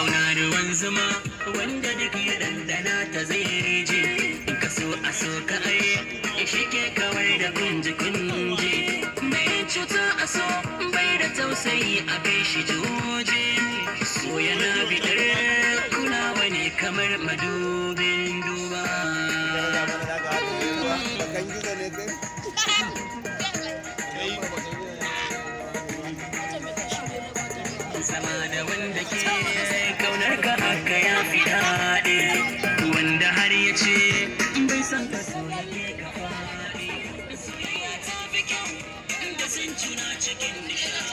kauna ruwan zuma wanda duk ya dandana ta zai rije in ka so a so ka aye shi ke kawai da kunji kunji mai cuta a so bai da tausayi a kai shi juje so yana bidar kulawa ne kamar madubin duba sama da wanda ke kaunar ka haka ya fi daɗe, wanda har ya ce bai san ka soyayya ka faɗi soyayya ta fi kyau da san juna cikin nishaɗi